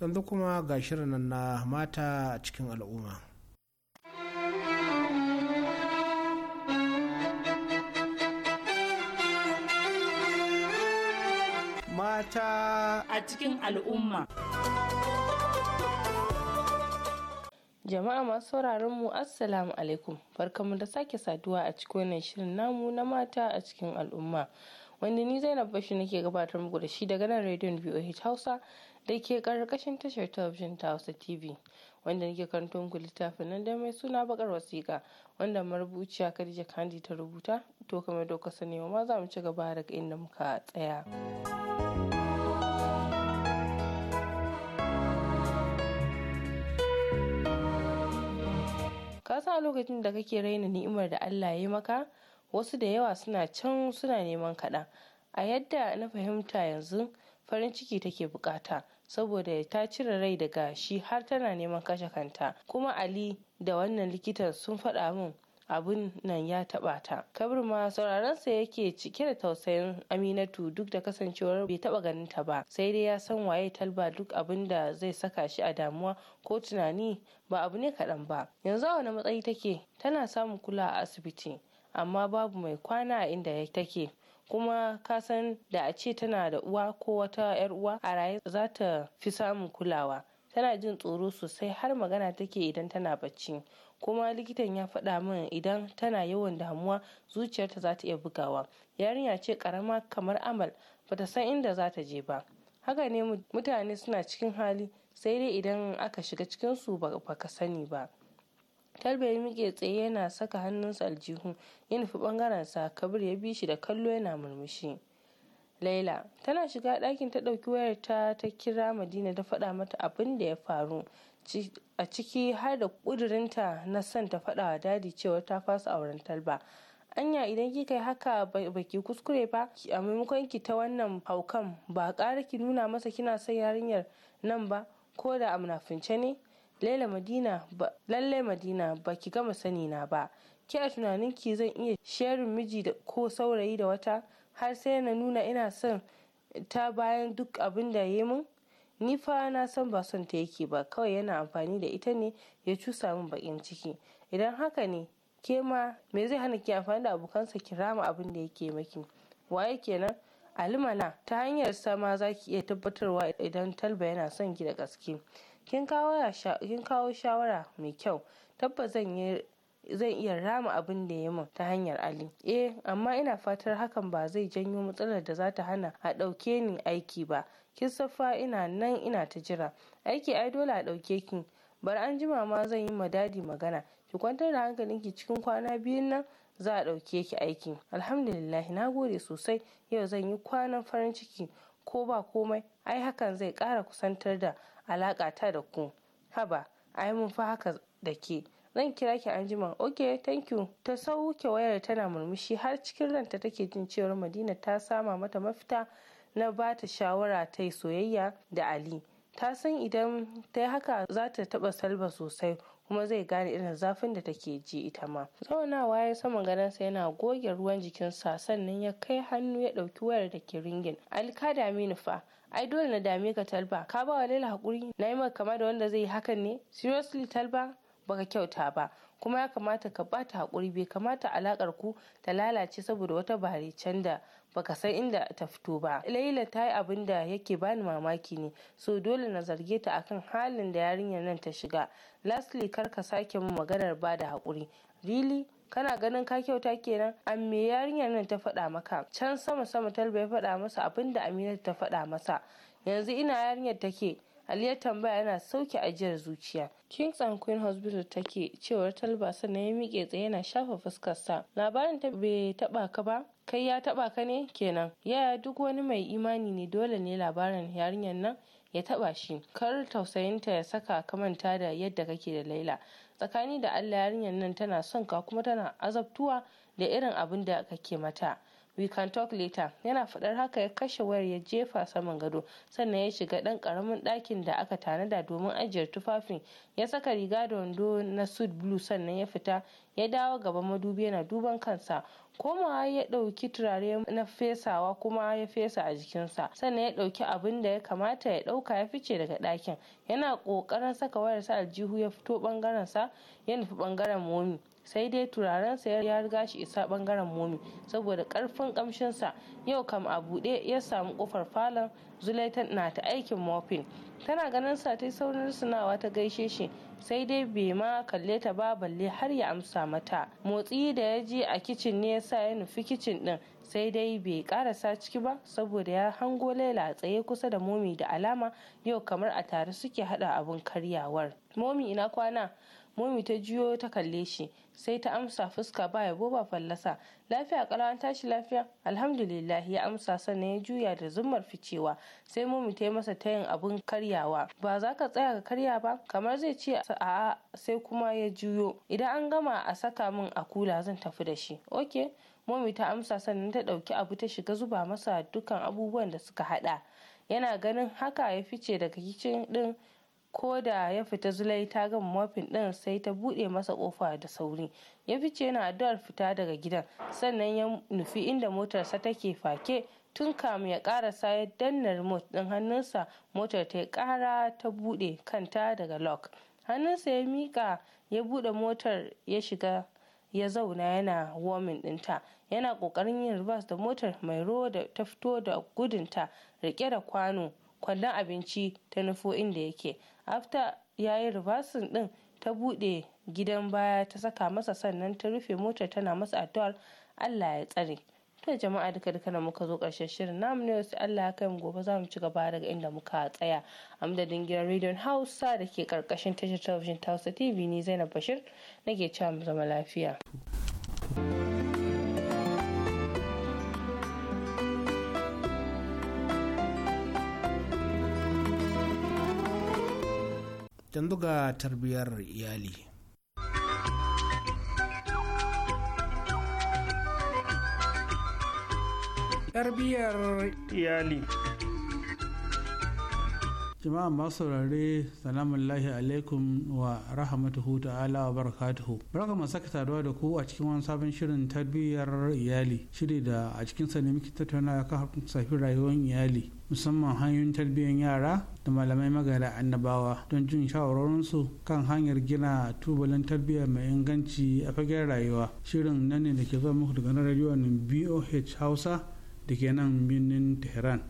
Speaker 3: yanzu kuma ga shirin na mata a cikin al'umma.
Speaker 10: mata a cikin al'umma. Jama'a masu sauraron mu Assalamu alaikum farkonmu da sake saduwa a cikin wannan shirin namu na mata a cikin al'umma. Wanda ni Zainab Bashir nake gabatar muku da shi daga nan rediyon VOH Hausa da ke karkashin tashar talabijin ta Hausa TV. Wanda nake karanto muku littafin nan da mai suna bakar wasiƙa wanda marubuciya Khadija Kandi ta rubuta to kamar doka sanewa ma za mu ci gaba daga inda muka tsaya. a lokacin da kake raina ni'imar da Allah ya yi maka wasu da yawa suna can suna neman kaɗan a yadda na fahimta yanzu farin ciki take bukata saboda ta cire rai daga shi har tana neman kashe kanta kuma ali da wannan likitan sun faɗa min abun nan ya taba ta kabir ma sauraronsa yake cike da tausayin aminatu duk da kasancewar bai taɓa ganin ta ba sai dai ya san waye talba duk abin da zai saka shi a damuwa ko tunani ba abu ne kaɗan ba yanzu a wani matsayi take tana samun kula a asibiti amma babu mai kwana a inda take kuma ka san da a ce tana da uwa ko wata 'yar uwa a raye za ta fi samun kulawa tana jin tsoro sosai har magana take idan tana bacci kuma likitan ya faɗa min idan tana yawan damuwa zuciyarta za ta iya bugawa yarinya ce karama kamar amal bata san inda za ta je ba haka ne mutane suna cikin hali sai dai idan aka shiga cikin cikinsu baka sani ba talbe ya miƙe tsaye yana saka hannunsa aljihu ya nufi ɓangarensa kabir ya bi shi da kallo yana murmushi laila tana shiga ɗakin ta ɗauki wayarta ta ta kira madina ta faɗa mata abin da ya faru a ciki har da ƙudurinta na son ta faɗa wa dadi cewa ta fasa auren talba anya idan kika yi haka baki kuskure ba a maimakon ki ta wannan haukan ba ƙara ki nuna masa kina son yarinyar nan ba ko da a munafince ne laila madina ba lallai madina ba ki gama sani na ba ki a tunanin ki zan iya sharin miji da ko saurayi da wata har sai na nuna ina son ta bayan duk abin da yi min ni fa na san ba son ta yake ba kawai yana amfani da ita ne ya cusa min bakin ciki idan haka ne ke ma me zai hana ki amfani da abokansa ki rama abin da yake maki waye kenan alimana ta hanyar sama za ki iya tabbatarwa idan talba yana son ki da gaske kin kawo shawara mai kyau tabbas zan yi zan iya rama abin da ya min ta hanyar Ali. Eh, amma ina fatar hakan ba zai janyo matsalar da za ta hana a ɗauke ni aiki ba. kin saffa ina nan ina ta jira aiki ai dole a ɗauke ki bar an jima ma zan yi ma dadi magana ki kwantar da hankalinki cikin kwana biyun nan za a ɗauke ki aiki alhamdulillah na gode sosai yau zan yi kwanan farin ciki ko ba komai ai hakan zai ƙara kusantar da ta da ku haba ai mun fa haka da ke zan kira ki anjima ok thank you ta sauke wayar tana murmushi har cikin ranta take jin cewar madina ta sama mata mafita na ba ta shawara ta yi soyayya da ali ta san idan ta yi haka za ta taɓa salba sosai kuma zai gane irin zafin da take ji ita ma zaunawa ya sama ganinsa yana goge ruwan jikinsa sannan ya kai hannu ya ɗauki wayar da ke ringin alka dami fa ai dole na dame ka talba ka ba wa laila hakuri na yi maka kama da wanda zai yi hakan ne seriously talba baka kyauta ba kuma ya kamata ka bata hakuri bai kamata alakar ku ta lalace saboda wata bare can da baka san inda ta fito ba laila ta yi abin da yake bani mamaki ne so dole na zarge ta akan halin da yarinyar nan ta shiga lastly kar ka sake min maganar ba da haƙuri really kana ganin ka kyauta kenan an me yarinyar nan ta faɗa maka can sama sama talba ya faɗa masa abin da aminatu ta faɗa masa yanzu ina yarinyar take Ali ya tambaya yana sauke ajiyar zuciya. Kings and Queen Hospital take cewar Talba sannan ya miƙe tsaye yana shafa fuskarsa. Labarin ta bai taɓa ka ba, kai ya taɓa ka ne kenan. Yaya duk wani mai imani ne dole ne labarin yarinyar nan ya taɓa shi. Kar tausayinta ya saka ka manta da yadda kake da Laila. Tsakani da Allah yarinyar nan tana son ka kuma tana azabtuwa da irin abin da kake mata. we can talk later yana faɗar haka ya kashe wayar ya jefa saman gado sannan ya shiga ɗan ƙaramin ɗakin da aka tanada domin ajiyar tufafin ya saka riga da wando na suit blue sannan ya fita ya dawo gaba madubi yana duban kansa komawa ya ɗauki turare na fesawa kuma ya fesa a jikinsa sannan ya ɗauki abin da ya kamata ya ɗauka ya fice daga ɗakin yana ƙoƙarin saka wayarsa aljihu ya fito ɓangarensa ya nufi ɓangaren momi sai dai turarensa ya riga shi isa bangaren momi saboda karfin kamshinsa yau kam a buɗe ya samu kofar falon zulaitan na ta aikin mopin tana ganin sa ta saurin sunawa ta gaishe shi sai dai bai ma kalle ta ba balle har ya amsa mata motsi da ya ji a kicin ne yasa ya nufi kicin din sai dai bai karasa ciki ba saboda ya hango laila tsaye kusa da momi da alama yau kamar a tare suke hada abun karyawar momi ina kwana momi ta juyo ta kalle shi sai ta amsa fuska ba yabo ba fallasa lafiya kalau an tashi lafiya alhamdulillah ya amsa sannan ya juya da zummar ficewa sai momi ta yi masa tayin abun karyawa ba za ka tsaya ka karya ba kamar zai ce a sai kuma ya juyo idan an gama a saka min a kula zan tafi da shi ok momi ta amsa sannan ta ɗauki abu ta shiga zuba masa dukkan abubuwan da suka hada yana ganin haka ya fice daga kicin din ko da ya fita zulai ta gama mafin din sai ta bude masa kofa da sauri ya fice yana addu'ar fita daga gidan sannan ya nufi inda motarsa take fake tun kamun ya karasa ya danna remote din hannunsa motar ta kara ta bude kanta daga lock hannunsa ya mika ya bude motar ya shiga ya zauna yana warming ɗinta yana kokarin yin reverse da motar mai da ta fito da gudun ta rike da kwano kwandon abinci ta nufo inda yake afta ya yi ribasin din ta bude gidan baya ta saka masa sannan ta rufe motar tana masa addu'ar allah ya tsare to jama'a duka duka da muka zo karshen shirin namu ne wasu allah ya kai mu gobe za mu ci gaba daga inda muka tsaya a madadin gidan rediyon hausa da ke karkashin tashar talabijin ta hausa tv ni zainab bashir nake cewa mu zama lafiya. thank you
Speaker 3: yanzu ga tarbiyyar iyali tarbiyyar iyali
Speaker 2: jama'a masu saurare salamun lahi alaikum wa rahmatuhu ta'ala wa barakatuhu baraka mu saka saduwa da ku a cikin wani sabon shirin tarbiyyar iyali shiri da a cikin sa ne muke tattauna kan safi rayuwar iyali musamman hanyoyin tarbiyyar yara da malamai magana annabawa don jin shawarorinsu kan hanyar gina tubalin tarbiyya mai inganci a fagen rayuwa shirin nan ne da ke zuwa muku daga na rayuwar boh hausa da ke nan birnin tehran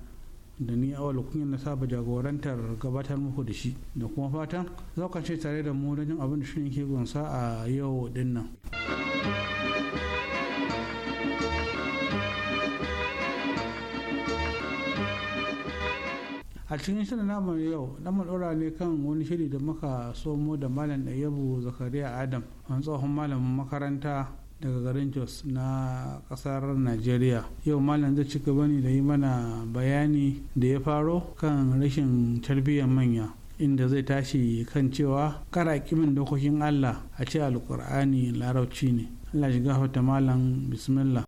Speaker 2: da ni awal kunya na saba jagorantar gabatar muku da shi da kuma fatan za ku tare da mu don abin da shirin ke gunsa a yau din a cikin shirin namar yau na ɗora ne kan wani shiri da muka somo da malam ɗayyabu zakariya adam wani tsohon malamin makaranta daga garin jos na kasar nigeria yau malam zai ci gaba ne da yi mana bayani da ya faro kan rashin tarbiyyar manya inda zai tashi kan cewa kara kimin dokokin allah a ce alkur'ani larabci ne allah shiga hota malam bismillah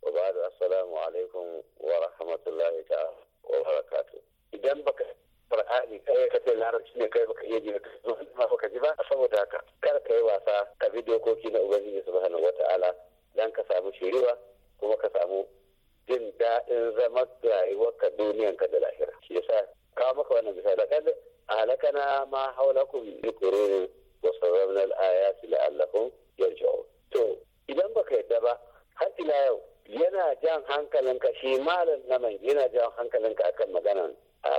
Speaker 1: ka ji ba saboda haka kar ka yi wasa ka bi dokoki na ubangiji subhanahu wataala don ka samu shiriwa kuma ka samu jin daɗin zama rayuwarka duniyanka da lahira shi yasa kawo maka wannan misali kan na ma haulakum bi qurun wa sarrafna al-ayati la'allakum yarji'un to idan baka yadda ba har ila yau yana jan hankalinka shi malam naman yana jan hankalinka akan maganan a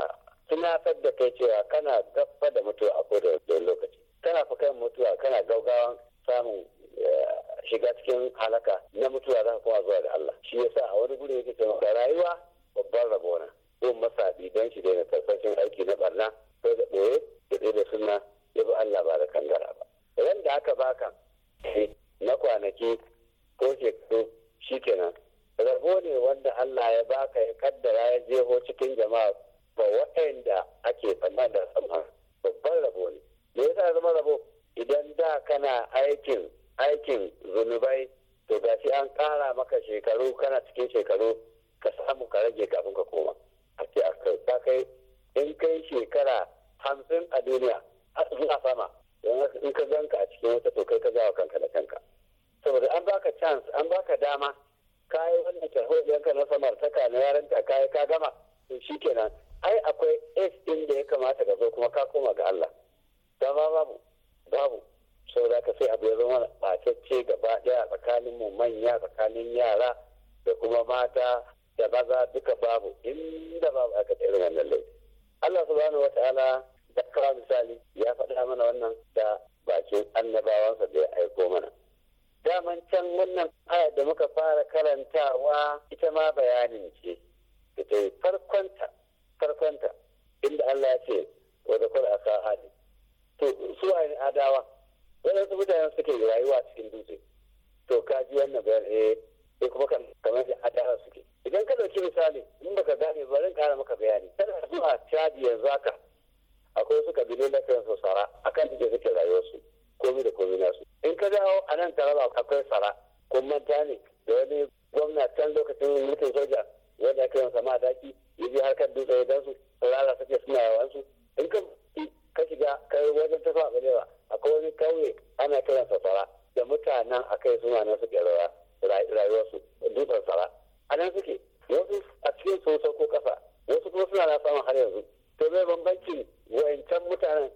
Speaker 1: tunatar da kai cewa kana dafa da mutuwa a koda lokaci kana fa kan mutuwa kana gaugawan samun eh, shiga cikin halaka na mutuwa za ka koma zuwa da Allah shi yasa a wani guri yake cewa rayuwa babban rabo na don masa don shi daina karfashin aiki na barna sai da ɓoye da ɗaya da suna ya bi Allah ba da kangara ba ran da aka baka eh, na kwanaki ko shekaru shi kenan rabo ne wanda Allah ya baka ya kaddara ya jeho cikin jama'a ba waɗanda ake tsammanin da tsammanin babban rabo ne me yasa zama rabo idan da kana aikin aikin zunubai to gashi an kara maka shekaru kana cikin shekaru ka samu ka rage kafin ka koma a ce a kai in kai shekara hamsin a duniya zuwa sama in ka zanka a cikin wata to kai ka zawa kanka da kanka saboda an baka chance an baka dama ka yi wannan yanka na samartaka na yaran ka yi ka gama to shikenan ai akwai s din da ya kamata ka zo kuma ka koma ga Allah dama babu babu sau da ka sai abu ya zama ɓatacce gaba ɗaya tsakanin mu manya tsakanin yara da kuma mata da maza duka babu inda babu aka irin wannan laifi Allah wata ala da kawo misali ya faɗa mana wannan da bakin annabawansa da ya aiko mana daman can wannan ayar da muka fara karantawa ita ma bayanin ce da ta farkonta farkonta inda Allah ya ce wa zakar aka to su a yin adawa su mutane suke rayuwa cikin dutse to ka ji wannan bayan eh sai kuma kamar da adawa suke idan ka dauki misali in baka gane ba zan ƙara maka bayani tana zuwa cadi yanzu haka akwai wasu kabilu na kan su sara akan da suke rayuwarsu komi da komi nasu in ka dawo a nan taraba akwai sara kun manta ne da wani gwamna can lokacin mulkin soja wanda aka yi sama daki ya je harkar dutse ya dan su lalata suke suna yawansu in ka ka shiga kai wajen tafa a balewa akwai wani kauye ana kiran safara da mutanen a kai suna nan suke su dutsen sara a nan suke wasu a cikin sun sauko kasa wasu kuma suna na samun har yanzu to mai bambanci wayancan mutanen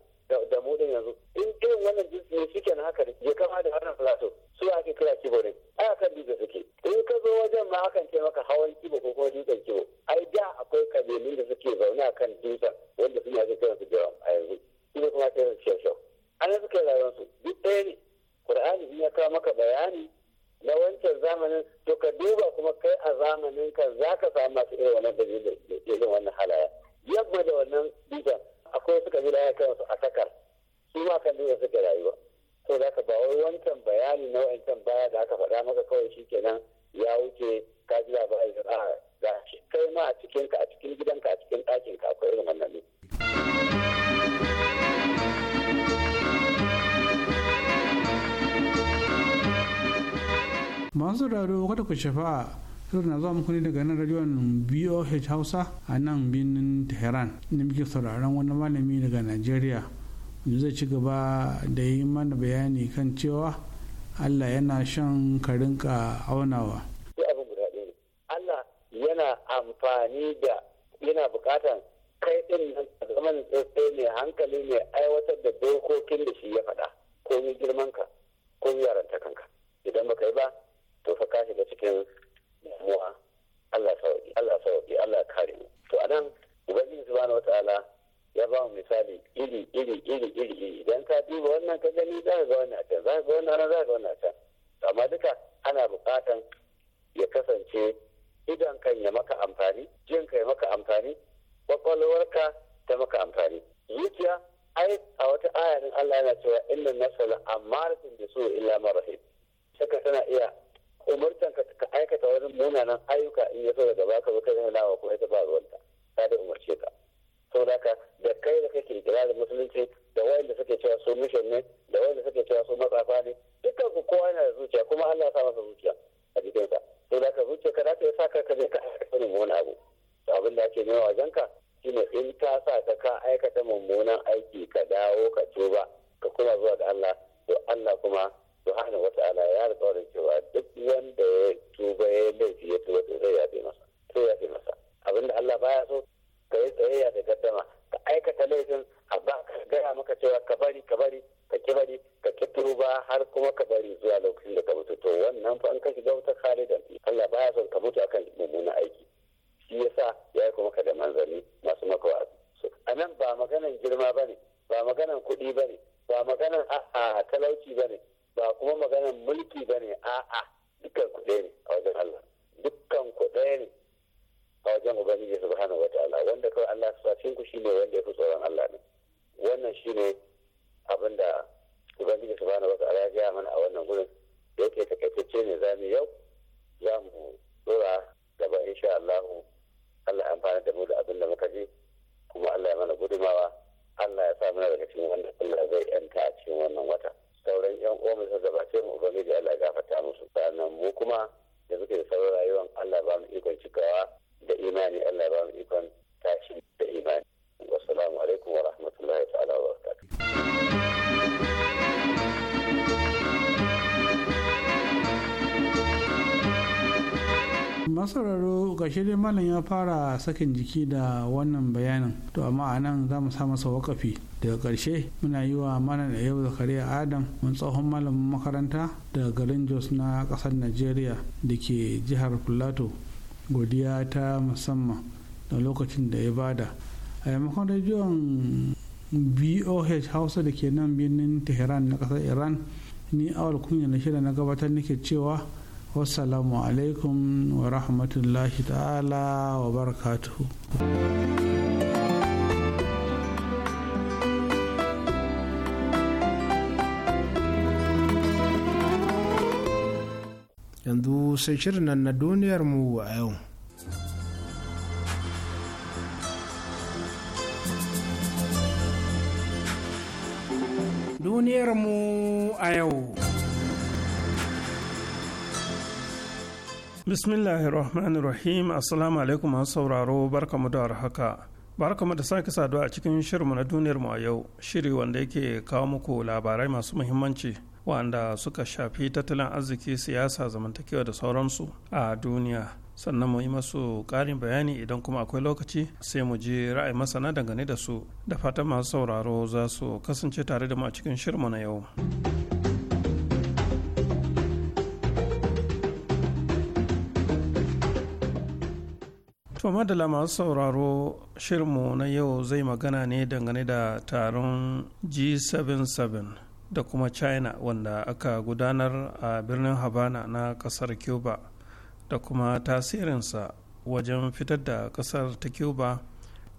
Speaker 1: da mu din yanzu in irin wannan jinsi ne shike na haka je kama da wannan plateau su ake kira kibo ne ai akan dutse suke in ka zo wajen ma akan ce maka hawan kibo ko kuma dutsen kibo ai da akwai kabilun da suke zaune akan dutsen wanda suna ake kiransu da a yanzu shi kuma kuma sai kyau shau an suka yi su duk ɗaya ne qur'ani in ya kawo maka bayani na wancan zamanin to ka duba kuma kai a zamanin ka za ka samu masu irin wannan dalilin irin wannan halaya yamma da wannan bidan akwai suka bi ya kai su a takar su ma kan duba suka rayuwa to za ka ba wai wancan bayani na wancan baya da aka faɗa maka kawai shi kenan ya wuce ka ji labari a kai ma a cikin a cikin gidanka a cikin ɗakin akwai irin wannan ne
Speaker 2: masu raro kada ku shafa sirri na zuwa muku daga nan rajon boh hausa a nan birnin tehran inda muke sauraron wani malami daga nigeria wanda zai ci gaba da yi mana bayani kan cewa allah yana shan karin karinka aunawa
Speaker 1: Allah yana amfani da yana bukatan kai din nan zaman tsaye ne hankali ne aiwatar da dokokin da shi ya faɗa ko girman ka ko kanka idan baka yi ba to fa ka shiga cikin damuwa Allah sauki Allah sauki Allah kare mu to anan ubangiji subhanahu wataala ya ba mu misali iri iri iri iri iri idan ka duba wannan ka gani za ka ga wannan a can za ga wannan za ga wannan a can amma duka ana bukatan ya kasance idan kan ya maka amfani jin ka ya maka amfani kwakwalwarka ta maka amfani zuciya ai a wata ayanin Allah yana cewa inna nasala amma amaratun bisu illa ma saka tana iya umartan ka ka aikata wani munanan ayyuka in ya so da gaba ka zo kai wa kuma ita ba ruwanta ta da umarce ka saboda haka da kai da kake kira da musulunci da da suke cewa su mission ne da da suke cewa su matsafa ne dukkan ku kowa yana da zuciya kuma Allah ya sa masa zuciya a jikinsa saboda haka zuciya ka za ta sa ka ka je ka sanin wani abu to abin da ake nema wajen ka shine in ta sa ka ka aikata mummunan aiki ka dawo ka tuba ka kuma zuwa ga Allah to Allah kuma subhanahu wa ta'ala ya alƙawarin cewa duk wanda ya tuba
Speaker 2: malam ya fara sakin jiki da wannan bayanin to amma a nan za mu sa masa wakafi daga karshe muna yi wa malam da yau zakariya adam mun tsohon malamin makaranta daga garin jos na kasar nigeria da ke jihar plateau godiya ta musamman da lokacin da ya bada a yamakon rajiyon boh hausa da ke nan birnin tehran na kasar iran ni awal kunya na shida na gabatar nake cewa wassalamu alaikum wa rahmatullahi ta'ala wa barakatuhu
Speaker 3: yanzu sai shirin nan na duniyarmu a yau
Speaker 5: duniyarmu a yau Bismillahirrahmanirrahim. Assalamu alaikum masu sauraro mu da haka. mu da sake saduwa a cikin shirinmu na duniyar mu a yau, shiri wanda yake kawo muku labarai masu muhimmanci wanda suka shafi tattalin arziki, siyasa, zamantakewa da sauransu a duniya. Sannan mu yi masu ƙarin bayani idan kuma akwai lokaci sai mu ji ra'ayi masana dangane da su da fatan masu sauraro za su kasance tare da mu a cikin shirinmu na yau. to madala masu sauraro shirinmu na yau zai magana ne dangane da taron g77 da kuma china wanda aka gudanar a birnin habana na kasar cuba da kuma tasirinsa wajen fitar da kasar ta cuba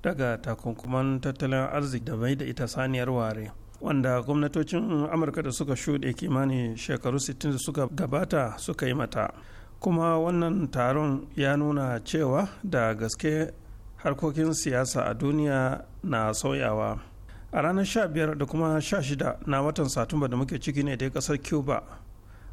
Speaker 5: daga takunkuman tattalin arziki da bai da ita saniyar ware wanda gwamnatocin amurka da suka shuɗe kimanin shekaru 60 da suka gabata suka yi mata kuma wannan taron ya nuna cewa da gaske harkokin siyasa a duniya na sauyawa a ranar 15 da kuma 16 na watan satumba da muke ciki ne dai kasar cuba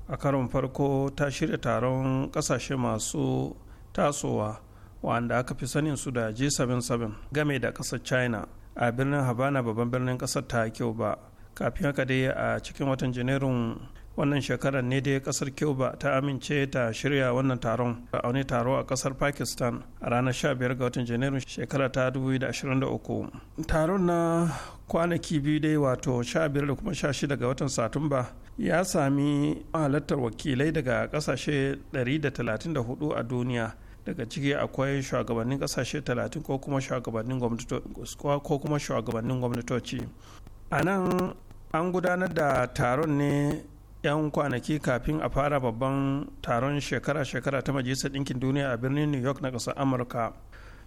Speaker 5: a karon farko ta shirya taron kasashe masu tasowa wanda aka fi sanin su da g77 game da kasar china a birnin habana babban birnin kasar ta ba kafin haka dai a cikin watan janairun wannan shekarar ne dai kasar cuba ta amince ta shirya wannan taron a wani taro a kasar pakistan a ranar 15 ga watan Janairu shekara ta 2023 taron na kwanaki biyu dai wato 15 da kuma 16 ga watan satumba ya sami halattar wakilai daga kasashe 134 a duniya daga ciki akwai shugabannin kasashe 30 ko kuma shugabannin gwamnatoci a nan an gudanar da taron ne 'yan kwanaki kafin a fara babban taron shekara-shekara ta majalisar ɗinkin duniya a birnin new york na ƙasar amurka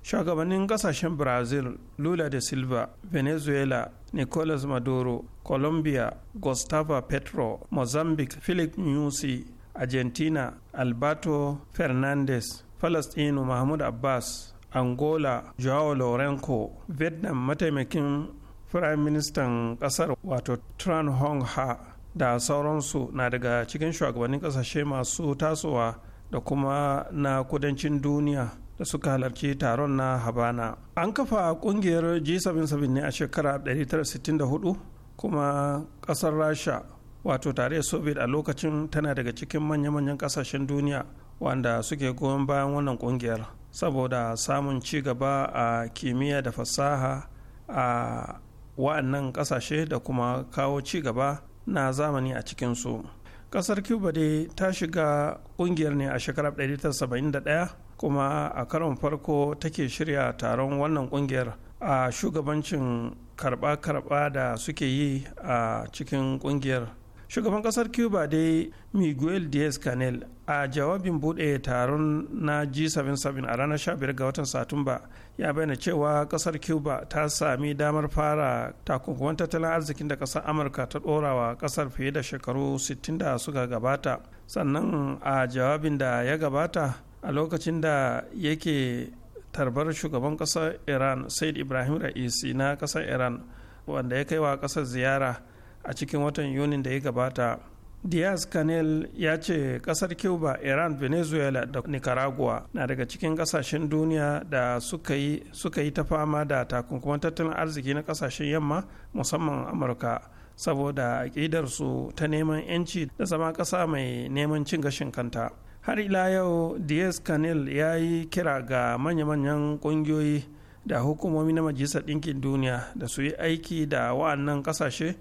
Speaker 5: shugabannin ƙasashen brazil lula da silva venezuela nicolas maduro colombia gustavo petro mozambique philip Nyusi, argentina alberto fernandez palestino mahmud abbas angola joao lorenco vietnam mataimakin firayim ministan ƙasar wato tran hong ha da sauransu na daga cikin shugabannin kasashe masu tasowa da kuma na kudancin duniya da suka halarci taron na habana an kafa kungiyar g77 ne a shekara 1964 kuma kasar rasha wato tare soviet a lokacin tana daga cikin manya-manyan kasashen duniya wanda suke goyon bayan wannan kungiyar saboda samun ci gaba a kimiyya da fasaha a wa'annan kasashe da kuma kawo ci gaba na zamani a cikinsu ƙasar cuba dai ta shiga ƙungiyar ne a shekarar 1971 kuma a karon farko take shirya taron wannan ƙungiyar a shugabancin karɓa-karɓa da suke yi a cikin ƙungiyar shugaban ƙasar cuba dai miguel diaz canel a jawabin buɗe taron na g77 a ranar 15 ga watan satumba ya bayyana cewa kasar cuba ta sami damar fara takunkuman tattalin arzikin da kasar amurka ta dorawa kasar fiye da shekaru 60 da suka gabata sannan a jawabin da ya gabata a lokacin da yake tarbar shugaban kasar iran said ibrahim ra'isi na kasar iran wanda ya kai wa kasar ziyara a cikin watan yunin da ya gabata diaz canel ya ce kasar cuba iran venezuela da nicaragua na daga cikin kasashen duniya da suka yi ta fama da takunkuman tattalin arziki na kasashen yamma musamman amurka saboda su ta neman 'yanci da zama ƙasa mai neman cin gashin kanta har ila yau diaz canel ya yi kira ga manya-manyan ƙungiyoyi da hukumomi na majalisar ɗinkin duniya da su yi aiki da wa'annan ƙasashe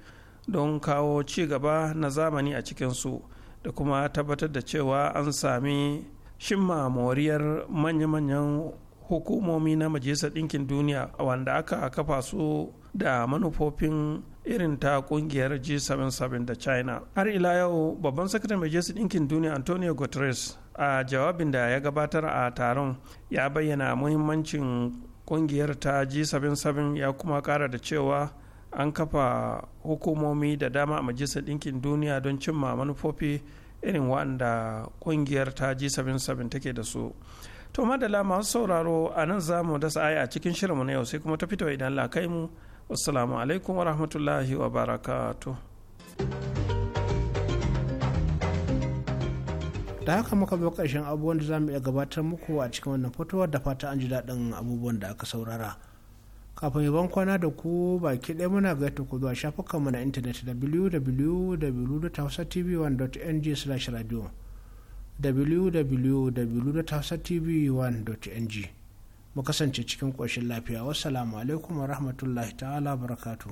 Speaker 5: don kawo ci gaba na zamani a cikinsu da kuma tabbatar da cewa an sami shimma moriyar manya-manyan hukumomi na majalisar ɗinkin duniya wanda aka kafa su da manufofin irin ta kungiyar G77 da China. Har ila yau babban sakataren majalisar ɗinkin duniya Antonio Guterres a jawabin da ya gabatar a taron ya bayyana muhimmancin kungiyar ta G77 ya kuma kara da cewa an kafa hukumomi da dama a majalisar ɗinkin duniya don cimma manufofi irin waɗanda ƙungiyar ta ji g77 take da su to madala masu sauraro a nan za mu dasa aya a cikin shirinmu na yau sai kuma ta fito idan la kai mu assalamu alaikum wa rahmatullahi wa
Speaker 3: da haka muka zo karshen abubuwan da za mu iya gabatar muku a cikin wannan fotowar da fata an ji daɗin abubuwan da aka saurara kafin ban kwana da ku baki ɗaya muna gaita ku zuwa shafukanmu na intanet www.hausatv1.ng slash radio www.hausatv1.ng mu kasance cikin ƙoshin lafiya wassalamu alaikum wa rahmatullahi ta'ala barakatu.